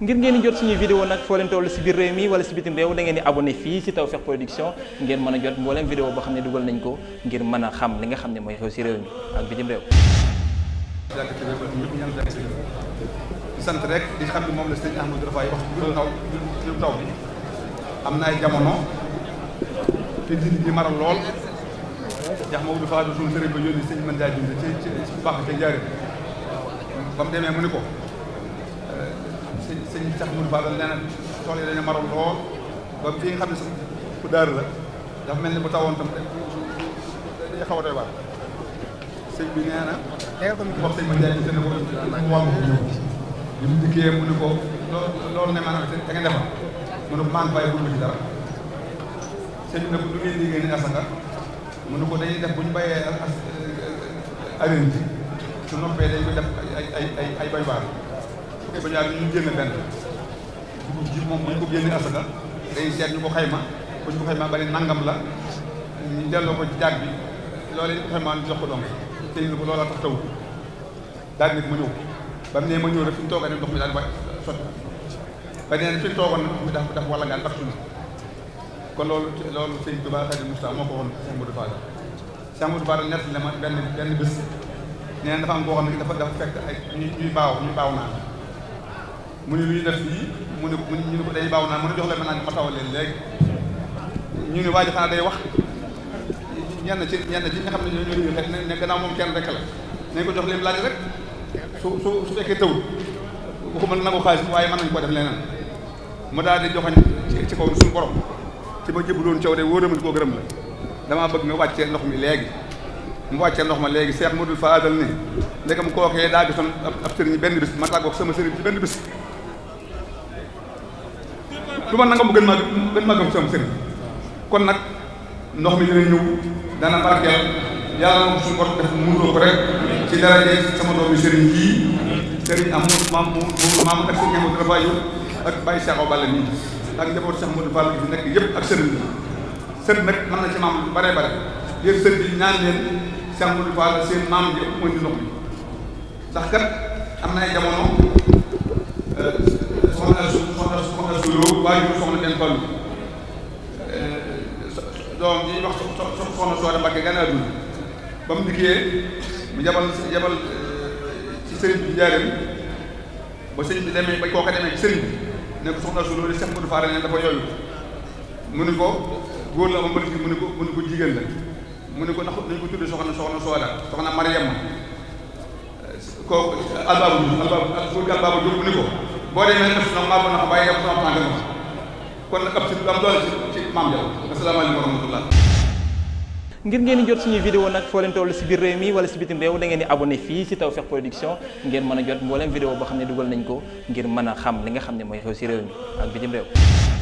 ngir ngeen di jot suñuy vidéo nag foo leen si biir réew mi wala si bitim réew da ngeen di abonné fii si Tawfekh Production ngeen mën a jot mbooleem vidéo boo xam ne dugal nañ ko ngir mën a xam li nga xam ne mooy xew si réew mi ak bitim sant rek di xam moom la sëñ Ahmadou Rafaay wax taw bi am na ay jamono te nit ñi maral lool jax Maodo Fadou suñu sëriñ ba yónni sëñ mën jaay dund ci ci baax ca jaaree ba mu demee mu ni ko sëriñ bi sax mu baal nee na tool yi dañu maroon lool ba fii nga xam ne sax ku daaru la dafa mel ni bu tawoon tam day xaw a doy waar sëñ bi nee na wax sëñ te ne ko wàmm ñëw mu ko loolu ne maanaam da nga defal mu ne ko maa ngi bàyyi bu ci dara ni mu ne ko dañuy def bu ñu bàyyee as arène bi su noppee dañ ko def ay ay bay waar ba ñu àgg ñu génne ji moom bu ñu ko génnee asaka day xayma bu ñu ko xayma ne nangam la ñu delloo ko ci jox ko doom te ñu ko taw daal nit ma ñëw ba mu ne ma ñëw rek fi mu toogee ne ndox mi daal di sotti ba nee na fi mu toogoon nag loolu loolu sëñ Tuubaa Xaadimu Mustafaa moo ko woon Cheikh Modou nett la ma benn benn bés nee na dafa am boo xam ne dafa dafa fekk ay ñuy baaw ñuy baaw naan mu ne lu ñu def fii mu ne ñu ne ko day baaw naan mu ne jox leen ma naa ma taw leen léegi ñu ne waa ji xanaa day wax ñenn ci ñenn ci nga xam ne ñoo ñoo ñëw ne gannaaw moom kenn rek la nañ ko jox leen laaj rek su su su fekkee tawul waxuma nangu xaalis waaye mën nañ ko def leneen mu daal di joxañ ci kaw suñu borom ci ma jëbbu doon caw de wóor na ma koo gërëm la damaa bëgg nga wàccee ndox mi léegi mu wàccee ndox ma léegi seex mu dul faadal ni ndegam kookee daa gisoon ab ab sëriñ benn bis ma tàggoog sama sëriñ ci benn bis du ma nangam gën maa gën maa gëm sama sëriñ kon nag ndox mi dina ñëw dana barkeel yàlla moom suñu borom def mënuloo ko rek ci daraje sama doomi sëriñ yii sëriñ am maam maam ak sëriñ Amadou Rafaayou ak Baye Cheikh Oballa nii ak njaboot Cheikh Modou Fall bi nekk yëpp ak sëriñ bi sëriñ mën na si maam lu bare bare yéen sëriñ bi ñaan leen Cheikh Modou Fall seen maam yëpp mooy di ndox mi ndax kat am na ay jamono doom ji wax soxna Soxna Mbakke gane àdduna ba mu dikkee mu yabal yabal euh, ci sëriñ bi njaareem ba sëriñ bi demee ba kooka demee sëriñ bi ne soxna su loolu Cheikh Modou Faare ne dafa yooyu mu ne ko góor la ma mën fi mu ne ko mu ne ko jigéen la mu ne ko ndax nañ ko soxna Sooda soxna Mariama kooku albaabu albaabu góor gi albaabu jóg mu ne ko boo demee def na maa bon na xam waaye yow sama tànk ma kon nag ab site bu am doole ci ci maam Diaw asalaamaaleykum wa rahmatullah ngir ngeen di jot suñuy vidéo nag foo leen si biir réew mi wala si bitim réew da ngeen di abonné fii si Tawfekh Production ngeen mën a jot mbooleem vidéo boo xam ne dugal nañ ko ngir mën a xam li nga xam ne mooy xew si réew mi ak bitim réew